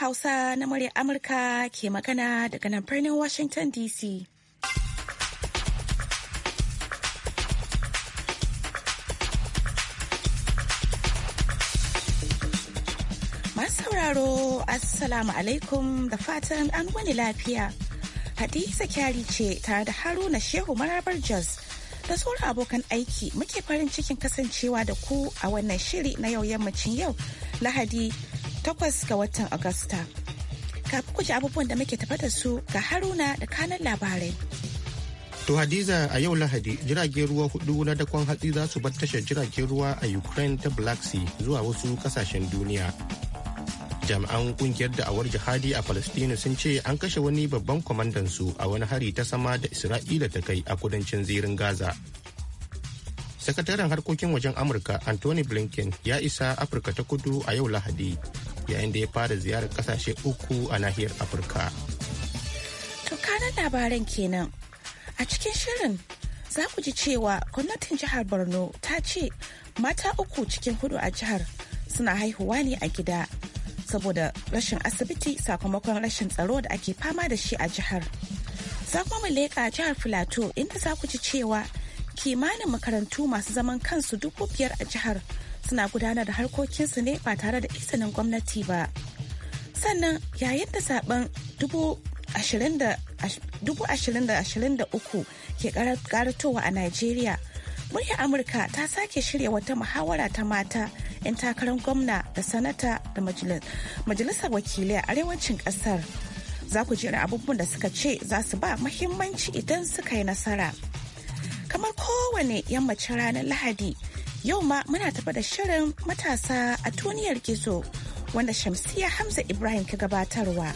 Hausa na murya Amurka ke magana daga nan birnin Washington DC. Masu sauraro, Assalamu alaikum da fatan an wani lafiya. Hadiza kyari ce tare da Haruna Shehu Marabar Jos da sauran abokan aiki muke farin cikin kasancewa da ku a wannan shiri na yau yammacin yau Lahadi takwas ga watan Agusta. Kafin ku ji abubuwan da muke tafata su ga Haruna da kanan labarai. To Hadiza a yau Lahadi jiragen ruwa hudu na dakon hatsi za su bar tashar jiragen ruwa a Ukraine ta Black Sea zuwa wasu kasashen duniya. Jami'an kungiyar da'awar jihadi a Palestina sun ce an kashe wani babban kwamandan su a wani hari ta sama da Isra'ila ta kai a kudancin zirin Gaza. Sakataren harkokin wajen Amurka Anthony Blinken ya isa Afirka ta kudu a yau Lahadi yayin da ya fara ziyarar kasashe uku a nahiyar afirka to kanan labaran kenan a cikin shirin za ku ji cewa gwamnatin jihar borno ta ce mata uku cikin hudu a jihar suna haihuwa ne a gida saboda rashin asibiti sakamakon rashin tsaro da ake fama da shi a jihar za kuma leƙa jihar filato inda za ku ji cewa kimanin makarantu masu zaman kansu dubu biyar a jihar suna gudanar da harkokinsu ne ba tare da izinin gwamnati ba sannan yayin da zaben 2023 ke ƙaratowa a nigeria muryar amurka ta sake shirya wata muhawara ta mata 'yan takarar gwamna da sanata da majalisar wakilai a arewacin ƙasar za ku jira abubuwan da suka ce za su ba mahimmanci idan suka yi nasara kamar kowane yammacin ranar lahadi Yau ma muna tafa da shirin matasa a tuniyar gizo wanda Shamsiya Hamza Ibrahim ka gabatarwa.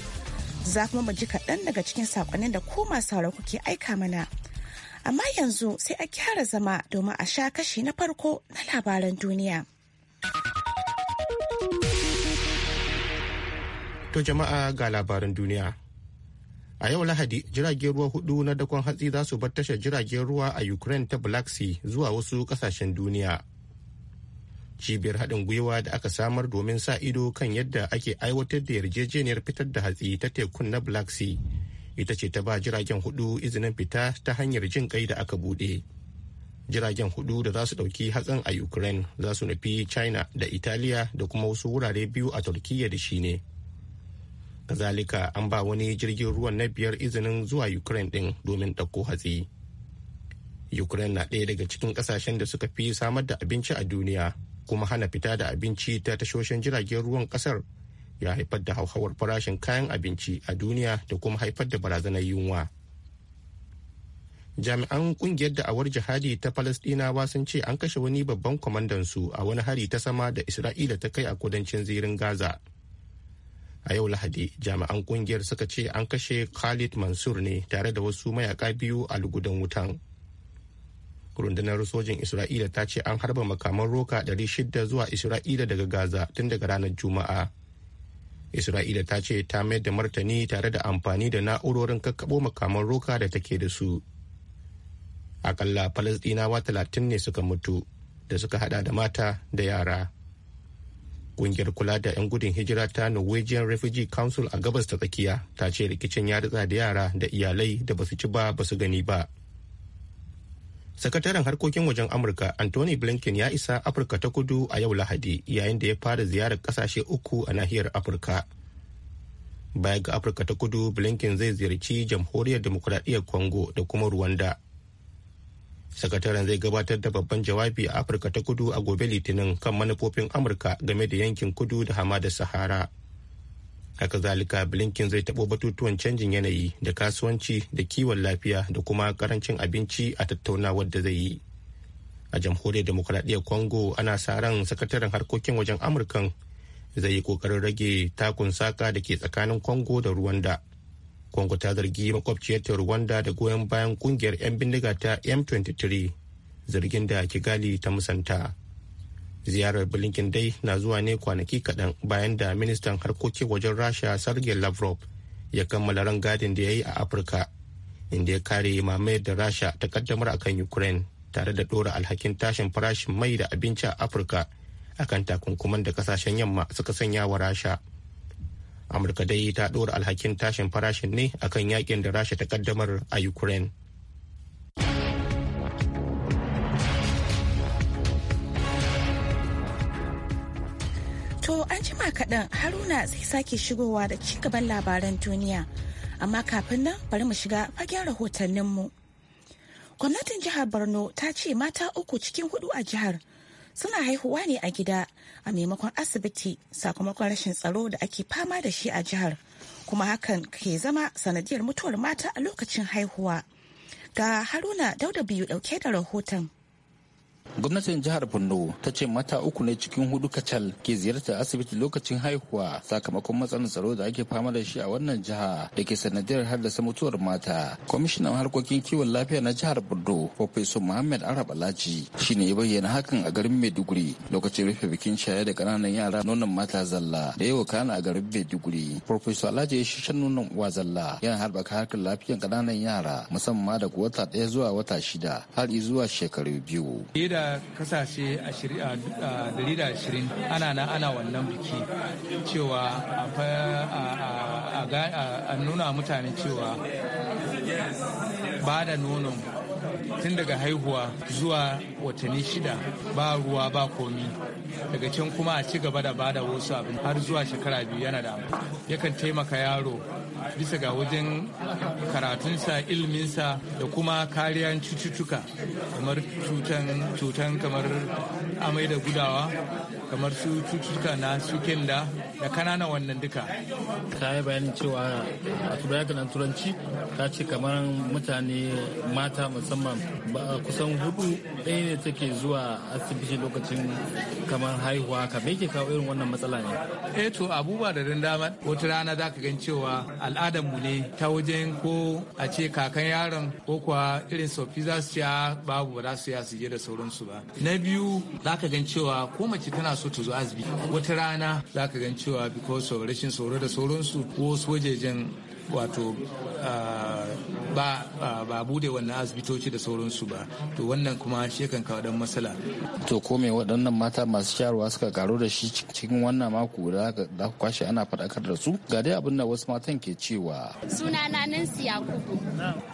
Za kuma mu ji kaɗan daga cikin saƙonin da ko masu kuke aika mana. Amma yanzu sai a kyara zama domin a sha kashi na farko na labaran duniya. To jama'a ga labaran duniya. A yau Lahadi, jiragen ruwa hudu na dakon hatsi za su bar tashar jiragen ruwa a Ukraine ta Black Sea zuwa wasu kasashen duniya. cibiyar haɗin gwiwa da aka samar domin sa ido kan yadda ake aiwatar da yarjejeniyar fitar da hatsi ta tekun na black sea ita ce ta ba jiragen hudu izinin fita ta hanyar jin kai da aka buɗe jiragen hudu da za su ɗauki hatsin a ukraine za su nufi china da italiya da kuma wasu wurare biyu a turkiyya da shi ne kazalika an ba wani jirgin ruwan na biyar izinin zuwa ukraine ɗin domin ɗauko hatsi ukraine na ɗaya daga cikin ƙasashen da suka fi samar da abinci a duniya kuma hana fita da abinci ta tashoshin jiragen ruwan kasar ya haifar da hauhawar farashin kayan abinci a duniya da kuma haifar da barazanar yunwa jami'an kungiyar da awar jihadi ta falasdinawa sun ce an kashe wani babban kwamandansu a wani hari ta sama da isra'ila ta kai a kudancin zirin gaza a yau lahadi jami'an kungiyar suka ce an kashe khalid mansur ne tare da wasu mayaka biyu a lugudan wutan rundunar sojin isra'ila ta ce an harba makaman roka 600 zuwa isra'ila daga gaza tun daga ranar juma'a isra'ila ta ce ta mayar da martani tare da amfani da na'urorin kakkaɓo makaman roka da take da su akalla falastinawa 30 ne suka mutu da suka hada da mata da yara kungiyar kula da 'yan gudun hijira ta norwegian refugee council a gabas ta tsakiya ta ce rikicin ya da yara da iyalai da basu ci ba basu gani ba sakataren harkokin wajen amurka anthony blinken ya isa afirka ta kudu a yau lahadi yayin da ya fara ziyarar kasashe uku a nahiyar afirka baya ga afirka ta kudu blinken zai ziyarci jamhuriyar demokuraɗiyyar congo da kuma rwanda sakataren zai gabatar da babban jawabi a afirka ta kudu a gobe litinin kan manufofin amurka game da yankin kudu da hama da sahara haka zalika blinken zai taɓo batutuwan canjin yanayi da kasuwanci da kiwon lafiya da kuma karancin abinci a tattaunawar da zai yi a jamhuriyar demokuraɗiyyar congo ana sa ran sakataren harkokin wajen amurkan zai yi kokarin rage takun saka da ke tsakanin congo da rwanda congo ta zargi makwabciyarta rwanda da goyon bayan ƙungiyar 'yan bindiga ta m23 zargin da kigali ta musanta ziyarar blinken dai na zuwa ne kwanaki kaɗan bayan da ministan harkokin wajen rasha sergei lavrov ya kammala rangadin da ya yi a afirka inda ya kare mamayar da rasha ta kaddamar akan ukraine tare da ɗora alhakin tashin farashin mai da abinci a afirka akan takunkuman da kasashen yamma suka sanya wa rasha amurka dai ta ɗora alhakin tashin farashin ne akan yakin da rasha ta kaddamar a ukraine kaɗan haruna zai sake shigowa da ci gaban labaran duniya amma kafin nan bari mu shiga fagen rahotanninmu gwamnatin jihar borno ta ce mata uku cikin hudu a jihar suna haihuwa ne a gida a maimakon asibiti sakamakon rashin tsaro da ake fama da shi a jihar kuma hakan ke zama sanadiyar mutuwar mata a lokacin haihuwa ga haruna dauda biyu dauke da rahoton gwamnatin jihar borno ta ce mata uku ne cikin hudu kacal ke ziyartar asibiti lokacin haihuwa sakamakon matsalar tsaro da ake fama da shi a wannan jiha da ke sanadiyar haddasa mutuwar mata kwamishinan harkokin kiwon lafiya na jihar borno profesor muhammad arab alhaji shine ya bayyana hakan a garin maiduguri lokacin rufe bikin shaye da kananan yara nonon mata zalla da yawa kana a garin maiduguri profesor alhaji ya shishan nonon uwa zalla yana harbaka harkar lafiyan kananan yara musamman da wata daya zuwa wata shida har zuwa shekaru biyu. kasashe a da ashirin ana na ana wannan biki cewa a nuna mutane cewa ba da nono tun daga haihuwa zuwa watanni shida ba ruwa ba komi daga can kuma a ci gaba da bada wasu abin har zuwa shekara biyu yana da yakan taimaka yaro bisa ga wajen karatunsa ilminsa da kuma kariyan cututtuka kamar cutan kamar amai da gudawa kamar su cututtuka na su da da kanana wannan duka ta yi bayanin cewa a turai da turanci ta ce kamar mutane mata musamman kusan hudu ɗaya ne take zuwa asibiti lokacin kamar haihuwa ka me ke kawo irin wannan matsala ne eh to abubuwa da dama wata rana za ka gan cewa mu ne ta wajen ko a ce kakan yaron ko kuwa irin sofi za su ya babu ba za su ya su da sauransu ba na biyu za ka gan cewa ko mace tana so ta zo asibiti wata rana za ka gan cewa because of rashin tsoro da sauransu ko wasu wajejen wato ah, ba bude wannan asibitoci da sauransu ba to wannan kuma shi kan kawo dan matsala to ko me waɗannan mata masu shayarwa suka karo da shi cikin wannan mako da za ku kwashe ana faɗakar da su ga dai abin da wasu matan ke cewa suna na Nancy Yakubu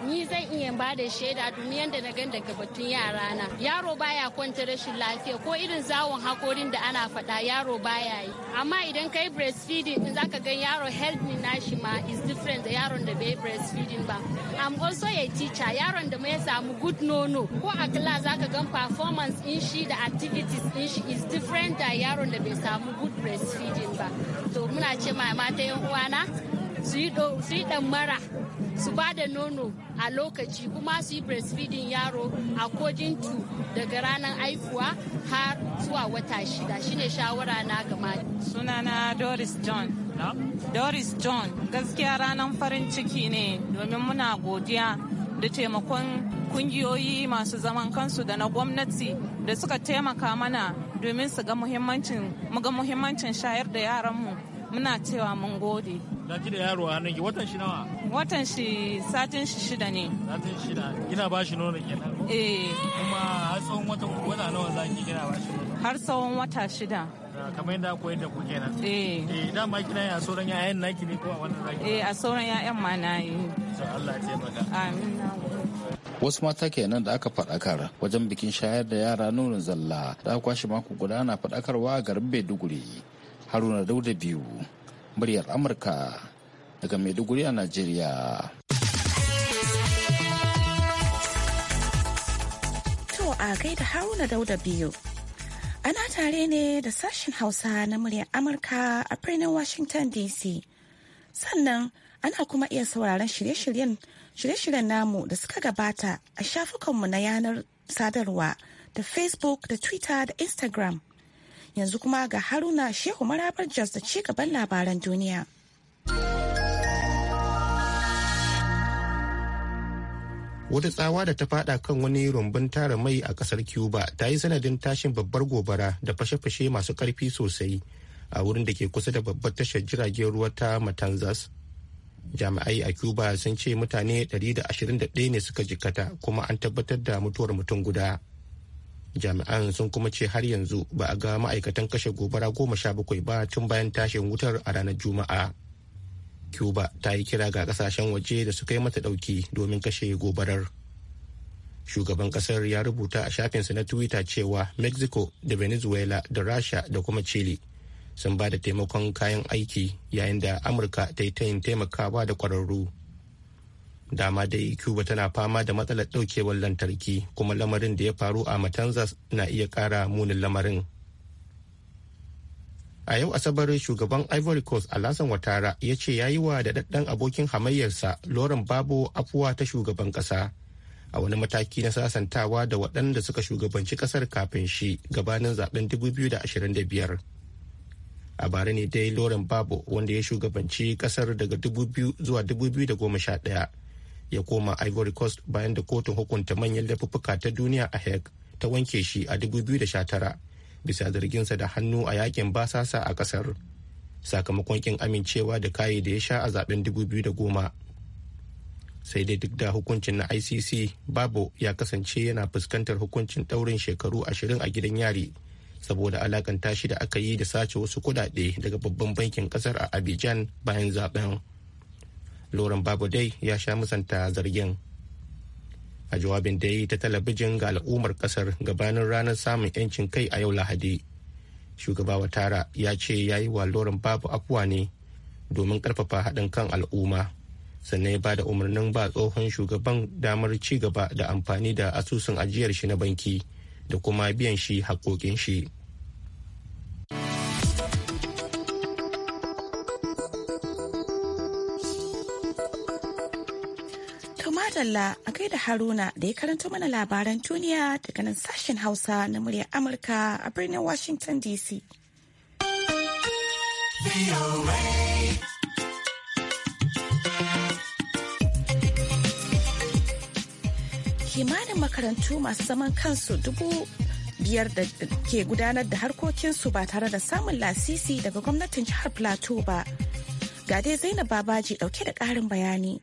ni zan iya ba da shaida domin yanda na gan daga batun yara na yaro baya kwanta rashin lafiya ko irin zawon hakorin da ana faɗa yaro baya yi amma idan kai breastfeeding in zaka ga yaro health na shi ma is different da yaron da bai breastfeeding ba i'm also a teacher yaron da mai samu good nono ko a class zaka gan performance in shi da activities in shi is different da yaron da bai samu good breastfeeding ba to muna ce ma mata yan uwana su yi dan mara su ba da nono a lokaci kuma su yi breastfeeding yaro a to daga ranar haihuwa har zuwa wata shida shine shawara na gama sunana doris john doris john gaskiya ranar farin ciki ne domin muna godiya da taimakon kungiyoyi masu zaman kansu da na gwamnati da suka taimaka mana domin su ga muhimmancin shayar da yaranmu muna cewa mun gode ji da yaro a ki watan shi nawa? Watan shi satin shi shida ne. Satin shida kina ba shi nono kenan. Eh. Kuma har tsawon wata wata nawa za ki kina ba shi nono? Har tsawon wata shida. Ah, kamar yadda koyar da ku kenan. Eh. Eh dama kina yi a sauran 'ya'yan naki ne ko a wannan zaki? Eh a sauran 'ya'yan ma na yi. Allah ya taimaka. Amin. wasu mata kenan da aka faɗakar wajen bikin shayar da yara nonon zalla da aka kwashe mako guda na faɗakarwa a garin maiduguri haruna dauda biyu muryar amurka daga maiduguri a najeriya to a gaida haruna dauda biyu ana tare ne da sashen hausa na muryar amurka a birnin washington dc sannan ana kuma iya sauraron shirye-shiryen shirye-shiryen namu da suka gabata a shafukanmu na yanar sadarwa da facebook da twitter da instagram yanzu kuma ga haruna shehu marabar jos da ci labaran duniya wata tsawa da ta fada kan wani rumbun tara mai a kasar cuba ta yi sanadin tashin babbar gobara da fashe-fashe masu karfi sosai a wurin da ke kusa da babbar tashar jiragen ruwa ta matanzas jami'ai a cuba sun ce mutane 121 ne suka jikata kuma an tabbatar da mutuwar mutum guda jami'an sun kuma ce har yanzu ba a ga ma'aikatan kashe gobara goma sha bakwai ba tun bayan tashin wutar a ranar juma'a cuba ta yi kira ga kasashen waje da suka kai mata dauki domin kashe gobarar shugaban kasar ya rubuta a shafinsa na twitter cewa mexico da venezuela da rasha da kuma chile sun ba da taimakon kayan aiki yayin da amurka ta yi tayin taimakawa da kwararru dama dai cuba tana fama da matsalar daukewar lantarki kuma lamarin da ya faru a matanzas na iya kara munin lamarin a yau asabar shugaban ivory coast alasan watara ya ce ya yi wa daɗaɗɗen abokin hamayyarsa lauren babu afuwa ta shugaban ƙasa a wani mataki na sasantawa da waɗanda suka shugabanci ƙasar kafin shi gabanin zaben 2025 a bara ne dai lauren babu wanda ya shugabanci ƙasar daga 2000 zuwa 2011 ya koma ivory coast bayan da kotun hukunta manyan lafuffuka ta duniya a hague ta wanke shi a 2019 bisa zarginsa da hannu a yakin basasa a kasar sakamakon kin amincewa da kayi da ya sha a zaben 2010 sai dai duk da hukuncin na icc babu ya kasance yana fuskantar hukuncin daurin shekaru 20 a gidan yari saboda alakanta shi da aka yi da sace wasu kudade daga babban bankin kasar a abidjan bayan zaben loren babu dai ya sha musanta zargin a jawabin da yi ta talabijin ga al'ummar kasar gabanin ranar samun 'yancin kai a yau lahadi shugaba watara ya ce ya yi wa loren babu afuwa ne domin karfafa haɗin kan al'umma sannan ya ba da umarnin ba tsohon shugaban damar ci gaba da amfani da asusun ajiyar shi na banki da kuma biyan shi haƙoƙin shi. madalla a kai da haruna da ya karanta mana labaran duniya daga nan sashen hausa na muryar amurka a birnin washington dc kimanin makarantu masu zaman kansu dubu biyar da ke gudanar da harkokinsu ba tare da samun lasisi daga gwamnatin jihar plateau ba gade zainab babaji dauke da karin bayani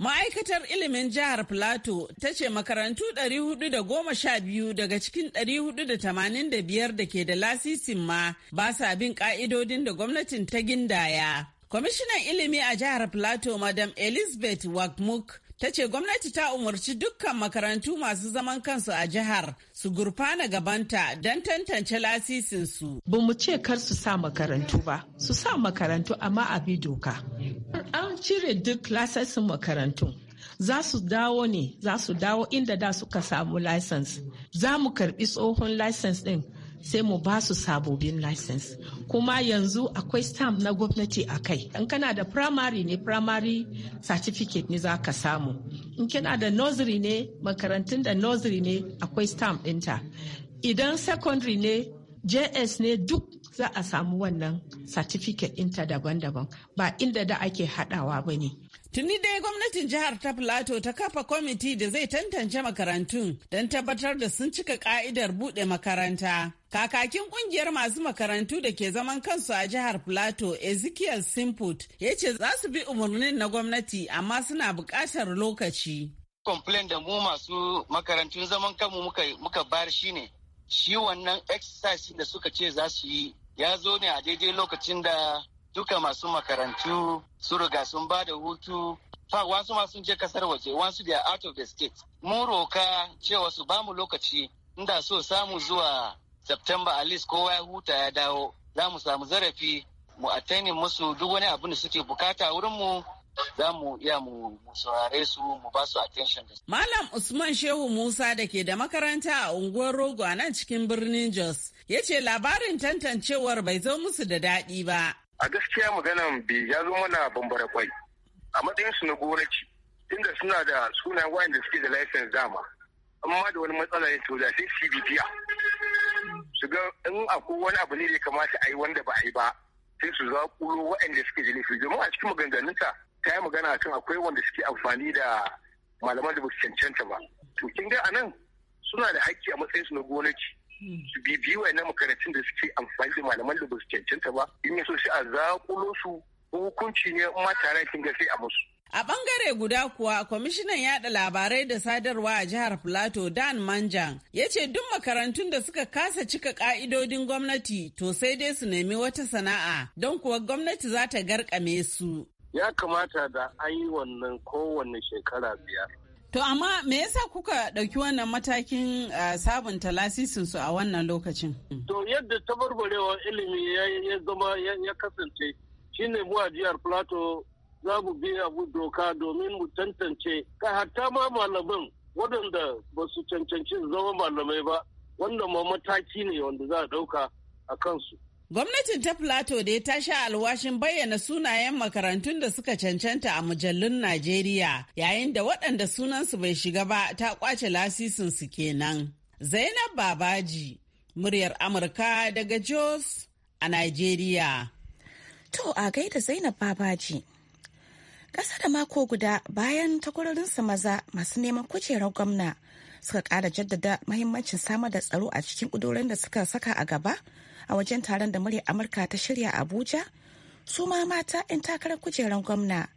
Ma'aikatar ilimin jihar Plateau ta ce makarantu 412 daga cikin 485 da ke da lasisin ma ba sa bin ka'idodin da gwamnatin ta gindaya. Kwamishinan ilimi a jihar Plateau Madam Elizabeth Wakmuk ta ce gwamnati ta umarci dukkan makarantu masu zaman kansu a jihar su gurfana gabanta don tantance lasisinsu. Ba mu ce kar su sa makarantu ba, su sa makarantu amma a bi doka. An cire duk lasisin makarantu. Za su dawo ne, za su dawo inda da suka samu license. Za mu karbi tsohon license din. sai mu ba su sabobin license kuma yanzu akwai stamp na gwamnati a kai in kana da primary ne primary certificate ne za ka samu in kana da nursery ne makarantun da nursery ne akwai stamp ɗinta idan secondary ne js ne duk za a samu wannan certificate ɗinta daban-daban ba inda da ake haɗawa ba ne Tuni dai gwamnatin jihar ta Filato ta kafa kwamiti da zai tantance makarantun don tabbatar da sun cika ka'idar buɗe makaranta. Kakakin ƙungiyar masu makarantu da ke zaman kansu a jihar Plateau, Ezekiel Simput, ya ce za su bi umarnin na gwamnati amma suna buƙatar lokaci. Complain da mu masu makarantun zaman kanmu muka, muka bayar shi ne, shi wannan exercise da suka ce za su yi ya zo ne a daidai lokacin da duka masu makarantu su riga sun ba da hutu fa wasu ma sun je kasar waje wasu da out of the state mun roka cewa su ba mu lokaci inda so samu zuwa september at least kowa ya huta ya dawo za mu samu zarafi mu attainin musu duk wani abu da suke bukata wurin mu za mu iya mu saurare su mu ba su attention Malam Usman Shehu Musa da ke da makaranta a unguwar Rogo a nan cikin birnin Jos ya ce labarin tantancewar bai zo musu da daɗi ba a gaskiya maganan bai ya zo mana bambara kwai a matsayin su na gonaci inda suna da suna da suke da license dama amma da wani matsala ne to da sai cbp a su ga in akwai wani abu ne da ya kamata a yi wanda ba a yi ba sai su zaƙulo waɗanda suke da laifi domin a cikin maganganunta ta yi magana kan akwai wanda suke amfani da malaman da ba su cancanta ba to kin ga anan suna da haƙƙi a matsayin su na gonaci Hmm. su bibiyi wayannan makarantun da suke amfani da malaman da ba cancanta ba in ya so sai a zaƙulo su hukunci ne in ma tare kin ga sai a musu A bangare guda kuwa, kwamishinan yada labarai da sadarwa a jihar Filato Dan Manjan ya ce duk makarantun da suka kasa cika ka'idodin gwamnati to sai dai su nemi wata sana'a don kuwa gwamnati za ta garkame su. Ya kamata da an yi wannan kowanne shekara biyar. To amma me yasa kuka ɗauki wannan matakin eh, sabunta lasisin su a wannan lokacin? To yadda barbarewa ilimi ya zama ya kasance shi ne mu a jihar Plateau za mu bi abu doka domin mu tantance ka hatta ma malaman waɗanda ba su cancanci zama malamai ba wannan ma mataki ne wanda za a ɗauka a kansu. Gwamnatin ta Plato da ta sha alwashin bayyana sunayen makarantun da suka cancanta a mujallun Najeriya yayin da waɗanda sunansu bai shiga ba ta kwace lasisinsu kenan. Zainab Babaji, muryar Amurka daga Jos a Najeriya. To a gaida Zainab Babaji. Ƙasa da mako guda bayan takwarorinsa maza masu neman kujerar gwamna suka kara jaddada mahimmancin samar da tsaro a cikin kudurin da suka saka a gaba a wajen taron da murya amurka ta shirya abuja su ma mata 'yan takarar kujerar gwamna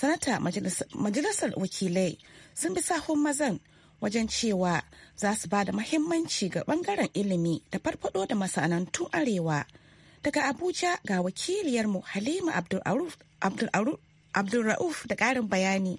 sanata majalisar wakilai sun bi sahun mazan wajen cewa za su ba da mahimmanci ga bangaren ilimi da farfado da masana'antun arewa daga abuja ga wakiliyarmu halima abdulrauf da ƙarin bayani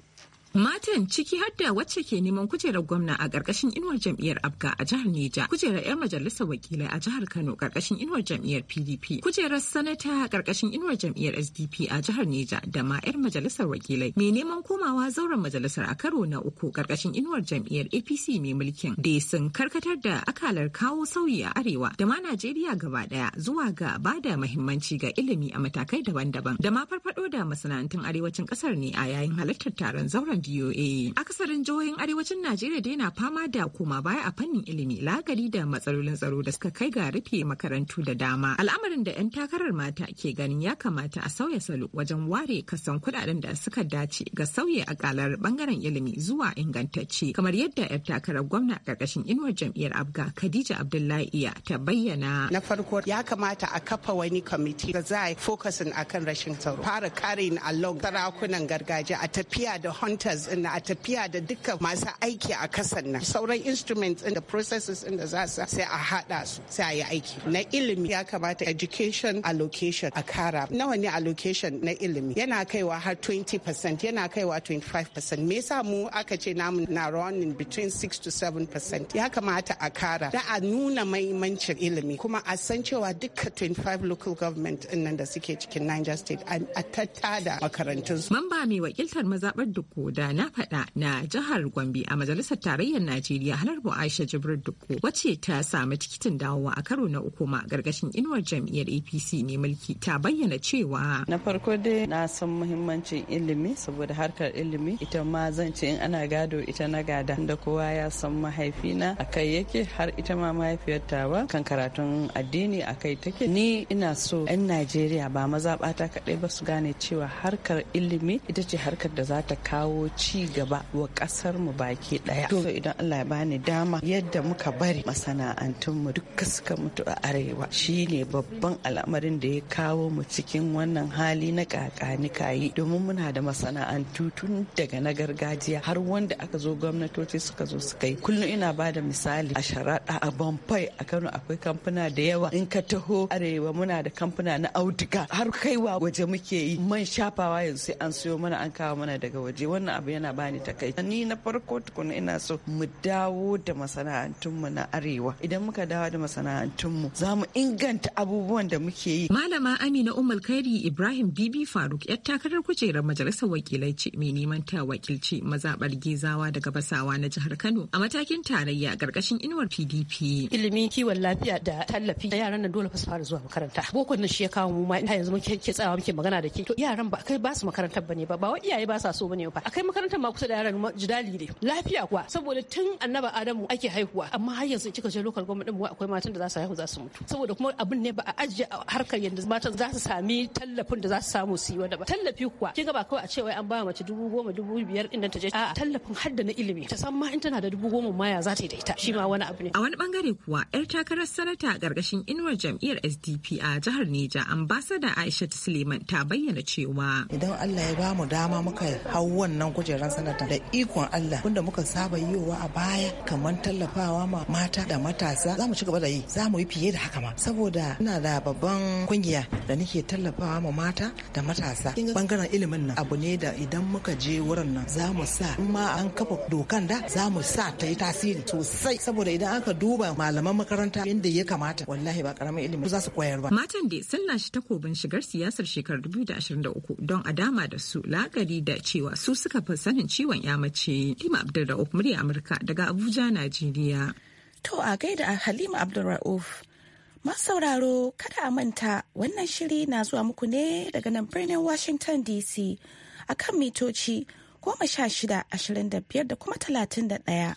Matan ciki hadda wacce ke neman kujerar gwamna a ƙarƙashin inuwar jam'iyyar Abga a jihar Neja, kujerar yar majalisar wakilai a jihar Kano ƙarƙashin inuwar jam'iyyar PDP, kujerar sanata ƙarƙashin inuwar jam'iyyar SDP a jihar Neja da ma 'yar majalisar wakilai mai neman komawa zauren majalisar a karo na uku ƙarƙashin inuwar jam'iyyar APC mai mulkin da sun karkatar da akalar kawo sauyi a arewa da ma Najeriya gaba ɗaya zuwa ga bada da muhimmanci ga ilimi a matakai daban-daban da ma farfado da masana'antun arewacin ƙasar ne a yayin halartar taron zauren Labaran DOA. Akasarin jihohin arewacin Najeriya dai na fama da koma baya a fannin ilimi lagari da matsalolin tsaro da suka kai ga rufe makarantu da dama. Al'amarin da 'yan takarar mata ke ganin ya kamata a sauya salo wajen ware kasan kuɗaɗen da suka dace ga sauya akalar bangaren ilimi zuwa ingantacce kamar yadda 'yar takarar gwamna ƙarƙashin inuwar jam'iyyar Abga Khadija Abdullahi iya ta bayyana. Na farko ya kamata a kafa wani kwamiti da za a yi fokasin akan rashin tsaro. Fara karin allon sarakunan gargajiya a tafiya da hunter tutors din a tafiya da duka. masu aiki a kasan nan sauran instruments din da processes din da za su sai a hada su sai a yi aiki na ilimi ya kamata education allocation a kara nawa ne allocation na ilimi yana kaiwa har 20% yana kaiwa 25% me yasa mu aka ce namu na running between 6 to 7% ya kamata a kara da a nuna mahimmancin ilimi kuma a san cewa dukkan 25 local government din nan da suke cikin Niger state a tattada makarantun su mamba mai wakiltar mazabar Dukko da na faɗa na jihar Gombe a majalisar tarayyar Najeriya Halarbu Aisha Jibril Dukko wacce ta samu tikitin dawowa a karo na uku ma gargashin inuwar jam'iyyar APC ne mulki ta bayyana cewa na farko dai na san muhimmancin ilimi saboda harkar ilimi ita ma zan ce in ana gado ita na gada da kowa ya san mahaifina akai yake har ita ma mahaifiyar tawa kan karatun addini akai take ni ina so 'yan Najeriya ba mazaɓata kaɗai ba su gane cewa harkar ilimi ita ce harkar da za ta kawo ci gaba wa kasar mu baki daya to idan Allah ya bani dama yadda muka bari masana'antun mu duka suka mutu a arewa shine babban al'amarin da ya kawo mu cikin wannan hali na kakani kayi domin muna da masana'antu tun daga na gargajiya har wanda aka zo gwamnatoci suka zo suka yi kullum ina ba da misali a sharaɗa a bamfai a kano akwai kamfuna da yawa in ka taho arewa muna da kamfuna na auduga har kaiwa waje muke yi man shafawa yanzu sai an siyo mana an kawo mana daga waje wannan abu yana bani takaici ni na farko tukuna ina so mu dawo da masana'antunmu na arewa idan muka dawo da masana'antunmu za mu inganta abubuwan da muke yi malama amina umar kairi ibrahim bibi faruk yar takarar kujerar majalisar wakilai ce mai neman ta wakilci mazaɓar gezawa daga basawa na jihar kano a matakin tarayya ƙarƙashin inuwar pdp ilimi kiwon lafiya da tallafi na yaran nan dole fa su fara zuwa makaranta boko nan shi ya kawo mu ma yanzu muke tsayawa muke magana da ke to yaran ba kai ba su makarantar bane ba ba wa iyaye ba sa so bane ba akai makarantar ma kusa da yaran jidali ne lafiya kuwa saboda tun annaba adamu ake haihuwa amma har yanzu kika je lokal gwamnati mu akwai matan da za su haihu za su mutu saboda kuma abin ne ba a ajiye harkar yanda matan za su sami tallafin da za su samu su yi wanda ba tallafi kuwa ki ga ba kawai a ce wai an ba mace dubu goma dubu biyar inda ta je a tallafin da na ilimi ta san ma in tana da dubu goma ma ya za ta yi da ita shi ma wani abu ne a wani bangare kuwa yar takarar sanata a inuwar jam'iyyar SDP a jihar Neja ambasada Aisha Suleiman ta bayyana cewa idan Allah ya ba mu dama muka hau wannan kujeran sanata da ikon Allah wanda muka saba yiwa a baya kamar tallafawa ma mata da matasa za mu ci gaba da yi za mu yi fiye da haka ma saboda ina da babban kungiya da nake tallafawa ma mata da matasa bangaren ilimin nan abu ne da idan muka je wurin nan za mu sa in ma an kafa dokan da za mu sa ta yi tasiri sosai saboda idan aka duba malaman makaranta Inda ya kamata wallahi ba karamin ilimi za su koyar ba matan da sun takobin shigar siyasar shekarar 2023 don a dama da su lagari da cewa su suka kafin sanin ciwon ya mace Halima Abdulra'uf murya Amurka daga Abuja, Najeriya. To a gaida Halima Abdulra'uf. Masu sauraro kada a manta wannan shiri na zuwa muku ne daga nan birnin Washington DC a kan mitoci goma sha shida ashirin da biyar da kuma talatin da ɗaya.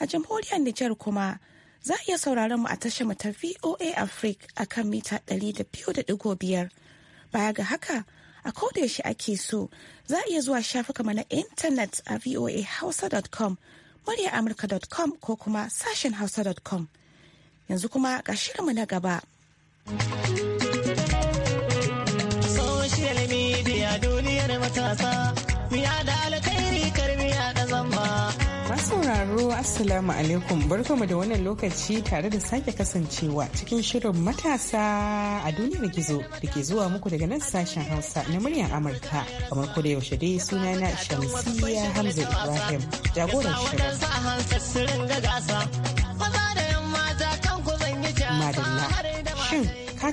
A jamhuriyar Nijar kuma za a iya sauraron mu a tashar mu ta VOA Africa a kan mita ɗari da biyu da ɗigo biyar. Baya ga haka a yaushe ake so za a iya zuwa shafuka na intanet a voahausa.com amurka.com ko kuma sashen hausa.com yanzu kuma ga shirinmu na gaba. Social media duniyar matasa, Assalamu alaikum barkamu da wannan lokaci tare da sake kasancewa cikin shirin matasa a duniyar gizo da ke zuwa muku daga nan sashen Hausa na muryar Amurka. Kamar ko da yaushe dai suna na Shamsiyya Hamza Ibrahim jagoran shirin.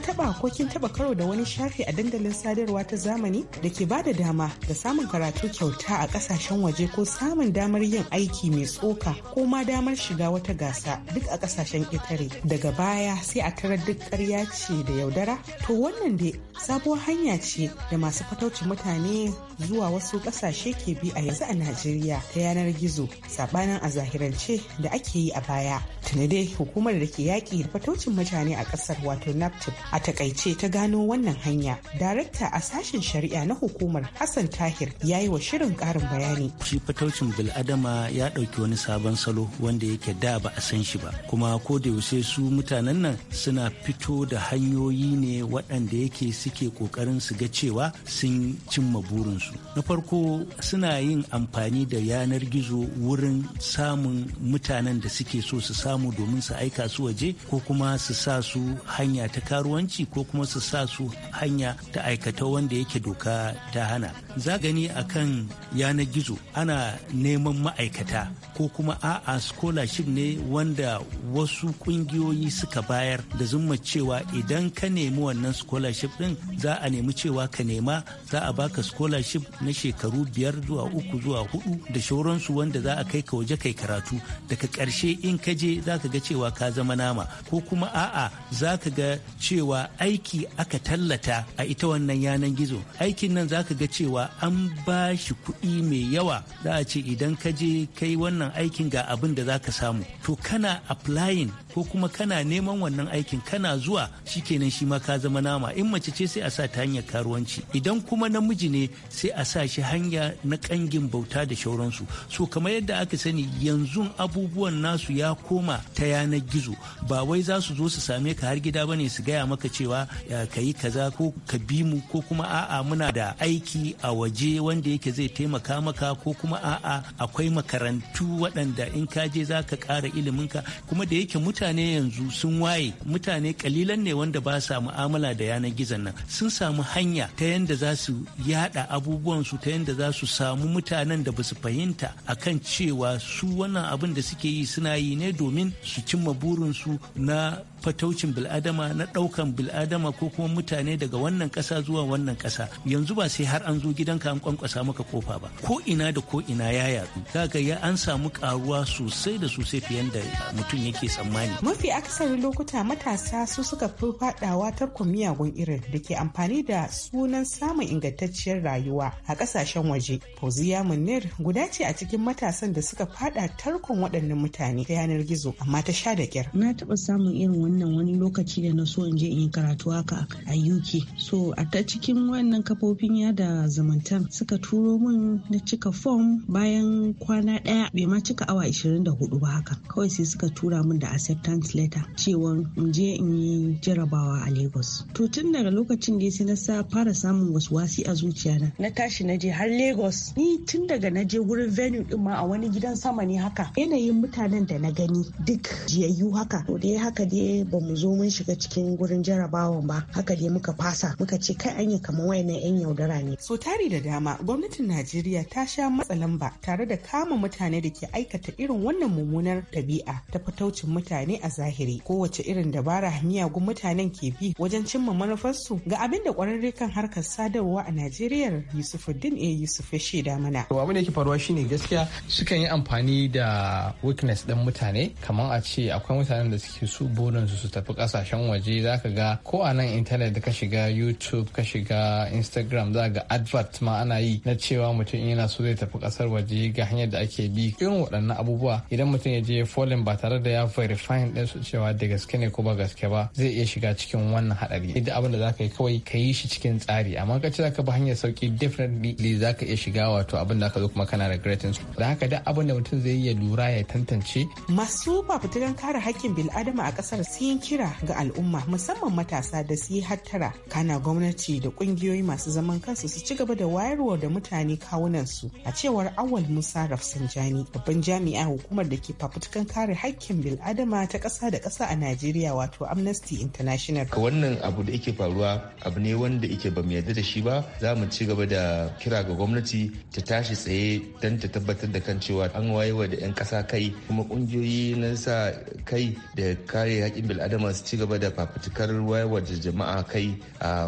taba ko kin taba karo da wani shafi a dandalin sadarwa ta zamani da ke bada dama da samun karatu kyauta a kasashen waje ko samun damar yin aiki mai tsoka ko ma damar shiga wata gasa duk a kasashen ƙetare daga baya sai a tarar duk ƙarya ce da yaudara to wannan dai sabuwar hanya ce da masu fatauci mutane zuwa wasu ƙasashe ke bi a yanzu a Najeriya ta yanar gizo sabanin a zahirance da ake yi a baya. Tuni hukumar da ke yaƙi da fataucin mutane a ƙasar wato NAPTIP a A takaice ta gano wannan hanya, darakta a sashen shari'a na hukumar Hassan Tahir ya yi wa shirin ƙarin bayani. Shi fataucin bil'adama ya ɗauki wani sabon salo wanda yake da ba a san shi ba. Kuma ko da yaushe su mutanen nan suna fito da hanyoyi ne waɗanda yake suke ƙoƙarin su ga cewa sun cimma burinsu. Na farko suna yin amfani da yanar gizo wurin samun mutanen da suke so su samu domin su aika su waje ko kuma su sa su hanya ta karuwa kasuwanci ko kuma su sa su hanya ta aikata wanda yake doka ta hana za gani a kan yanar gizo ana neman ma'aikata ko kuma a'a scholarship ne wanda wasu kungiyoyi suka bayar da zumma cewa idan ka nemi wannan scholarship din za a nemi cewa ka nema za a baka scholarship na shekaru biyar zuwa uku zuwa hudu da shauransu wanda za a kai ka waje kai karatu daga karshe in ka je za ka ga cewa ka zama nama ko kuma a'a za ka ga cewa cewa aiki aka tallata a ita wannan yanan gizo aikin nan zaka ga cewa an ba shi kuɗi mai yawa za a ce idan ka je kai wannan aikin ga abin da za ka samu to kana applying ko kuma kana neman wannan aikin kana zuwa shikenan shi ma ka zama nama in mace ce sai a sa ta hanyar karuwanci idan kuma namiji ne sai a sa shi hanya na kangin bauta da shauransu so kamar yadda aka sani yanzu abubuwan nasu ya koma ta yanar gizo ba wai za su zo su same ka har gida bane su gaya maka cewa ka yi kaza ko ka bi mu ko kuma a'a muna da aiki a waje wanda yake zai taimaka maka ko kuma a'a akwai makarantu waɗanda in ka je za ka ƙara iliminka kuma da yake mutane mutane yanzu sun waye mutane kalilan ne wanda ba sa mu'amala da yanar gizon nan sun samu hanya ta yanda za su yada abubuwan su ta yanda za su samu mutanen da ba su fahimta akan cewa su wannan abin da suke yi suna yi ne domin su cimma burin su na fataucin bil'adama na ɗaukan bil'adama ko kuma mutane daga wannan ƙasa zuwa wannan ƙasa yanzu ba sai har an zo gidanka an kwankwasa maka kofa ba ko ina da ko ina ya yadu kaga ya an samu karuwa sosai da sosai fiye da mutum yake tsammani mafi akasari lokuta matasa su suka fi faɗawa tarkon miyagun irin da ke amfani da sunan samun ingantacciyar rayuwa a ƙasashen waje fauziya munir guda ce a cikin matasan da suka faɗa tarkon waɗannan mutane ta yanar gizo amma ta sha da kyar na taɓa samun irin wannan wani lokaci da na so in je in yi karatu haka a UK. So a ta cikin wannan kafofin ya da zumunta suka turo min na cika form bayan kwana daya, bai ma cika awa 24 ba haka. Kawai sai suka tura min da acceptance letter cewa in je in yi jarabawa a Lagos. To tun daga lokacin da sai na sa fara samun wasu wasi a zuciya na. Na tashi na je har Lagos. Ni tun daga na je wurin venue din ma a wani gidan sama ne haka. Yanayin mutanen da na gani duk jiyayyu haka. To dai haka dai ba mu zo mun shiga cikin gurin jarabawan ba haka dai muka fasa muka ce kai anya kamar wayannan yan yaudara ne so tari da dama gwamnatin najeriya ta sha matsalan ba tare da kama mutane da ke aikata irin wannan mummunar ɗabi'a ta fitaucin mutane a zahiri kowace irin dabara miyagun mutanen ke bi wajen cimma manufarsu ga abin da kwararre kan harkar sadarwa a najeriya yusufuddin a yusuf ya shaida mana abin da yake faruwa shine gaskiya sukan yi amfani da weakness ɗin mutane kamar a ce akwai mutanen da suke su bonan su su tafi kasashen waje za ka ga ko a nan intanet da ka shiga youtube ka shiga instagram za ga advert ma ana yi na cewa mutum yana so zai tafi kasar waje ga hanyar da ake bi irin waɗannan abubuwa idan mutum ya je folin ba tare da ya verify ɗin su cewa da gaske ne ko ba gaske ba zai iya shiga cikin wannan haɗari idan abin da za ka yi kawai ka yi shi cikin tsari amma ka ce za ka bi hanyar sauki definitely za ka iya shiga wato abin da ka zo kuma kana regretting su da haka da abin da mutum zai iya lura ya tantance masu fafutukan kare haƙƙin bil'adama a ƙasar matsayin kira ga al'umma musamman matasa da su yi hattara kana gwamnati da kungiyoyi masu zaman kansu su ci gaba da wayarwa da mutane kawunansu a cewar awal musa rafsanjani babban jami'a hukumar da ke fafutukan kare haƙƙin bil'adama ta ƙasa da ƙasa a najeriya wato amnesty international ka wannan abu da yake faruwa abu ne wanda yake ba mu yarda da shi ba za mu ci gaba da kira ga gwamnati ta tashi tsaye don ta tabbatar da kan cewa an wayewa da 'yan ƙasa kai kuma ƙungiyoyi na sa kai da kare haƙƙin bil'adama su ci gaba da fafutukar wayar jama'a kai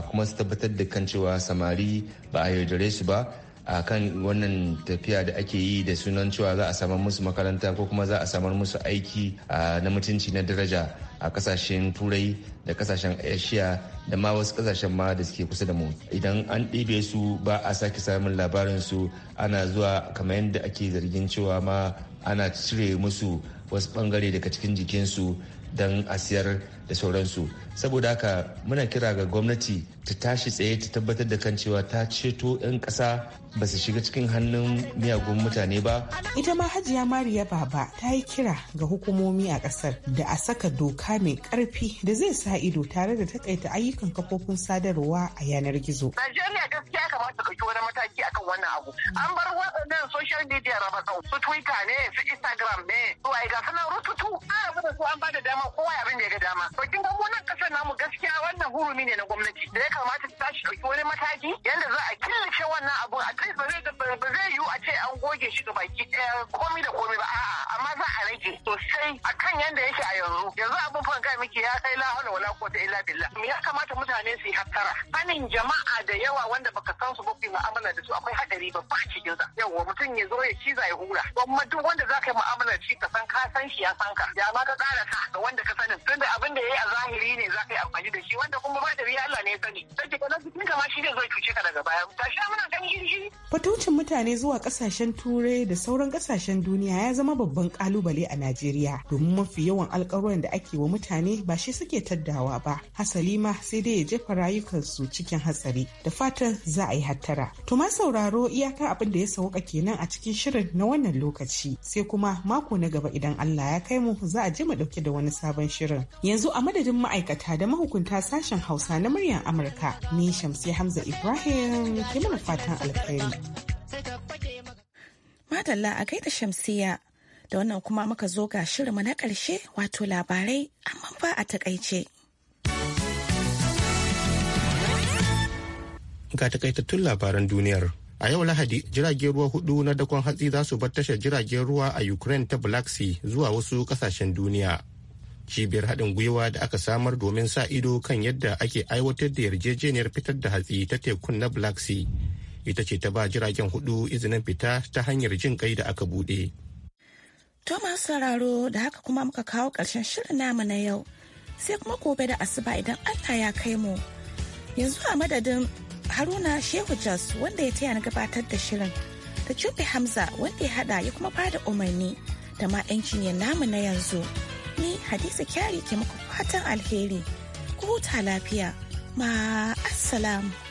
kuma su tabbatar da kan cewa samari ba a yaudare su ba a kan wannan tafiya da ake yi da sunan cewa za a samar musu makaranta ko kuma za a samar musu aiki na mutunci na daraja a kasashen turai da kasashen asia da ma wasu kasashen ma da suke kusa da mu idan an ɗebe su ba a sake samun labarin su ana zuwa kamar yadda ake zargin cewa ma ana cire musu wasu bangare daga cikin jikinsu don a siyar da sauransu saboda haka muna kira ga gwamnati ta tashi tsaye ta tabbatar da kan cewa ta ceto 'yan kasa ba su shiga cikin hannun miyagun mutane ba ita ma hajiya mariya baba ta yi kira ga hukumomi a kasar da a saka doka mai karfi da zai sa ido tare da takaita ayyukan kafofin sadarwa a yanar gizo Najeriya gaskiya kamata ka wani mataki akan wannan abu an bar waɗannan social media rabatau su twitter ne su instagram ne su ga sanar rututu an rabu da su an ba da dama kowa abin da ya ga dama to kin ga mu kasar namu gaskiya wannan hurumi ne na gwamnati da ya kamata ta tashi dauki wani mataki yanda za a killace wannan abu a kai ba zai ba zai yiwu a ce an goge shi ga baki ɗaya komi da komi ba a'a amma za a rage sosai kan yanda yake a yanzu yanzu abin fanka ga miki ya kai la hawla wala quwwata illa billah ya kamata mutane su yi hattara sanin jama'a da yawa wanda baka san su ba ku mu'amala da su akwai hadari ba ba cikin sa yawa mutum ya zo ya ciza ya hura kuma duk wanda zaka yi mu'amala shi ka san ka san shi ya san ka ya ma ka ƙara ka ga wanda ka sanin tunda abin da dai a zahiri ne za ka yi amfani da shi wanda kuma ba da biya Allah ne sani sai ka kana cikin kama shi zai cuce ka daga baya sha muna kan iri iri mutane zuwa kasashen turai da sauran kasashen duniya ya zama babban kalubale a Najeriya domin mafi yawan alƙaruran da ake wa mutane ba shi suke taddawa ba hasali ma sai dai ya jefa su cikin hatsari da fatan za a yi hattara to ma sauraro iyaka abin da ya sauka kenan a cikin shirin na wannan lokaci sai kuma mako na gaba idan Allah ya kai mu za a je mu dauke da wani sabon shirin yanzu a madadin ma'aikata da mahukunta sashen Hausa na muryar Amurka, ni Shamsi Hamza Ibrahim ke mana fatan alkhairi. Madalla a gaida Shamsiya, da wannan kuma muka zo ga shirinmu na karshe wato labarai amma ba a takaice. Ga takaitattun labaran duniyar. a yau lahadi jiragen ruwa hudu na dakon hatsi za su bar tashar jiragen ruwa a ukraine ta black sea zuwa wasu kasashen duniya cibiyar haɗin gwiwa da aka samar domin sa ido kan yadda ake aiwatar da yarjejeniyar fitar da hatsi ta tekun na black sea ita ce ta ba jiragen hudu izinin fita ta hanyar jin kai da aka buɗe. thomas sauraro da haka kuma muka kawo ƙarshen shirin namu na yau sai kuma gobe da asuba idan allah ya kai mu yanzu a madadin haruna shehu jos wanda ya taya na gabatar da shirin da jube hamza wanda ya hada ya kuma bada umarni da ma injiniyan namu na yanzu. ni Hadiza Kyari ke muku fatan alheri. ko huta lafiya. Ma assalamu.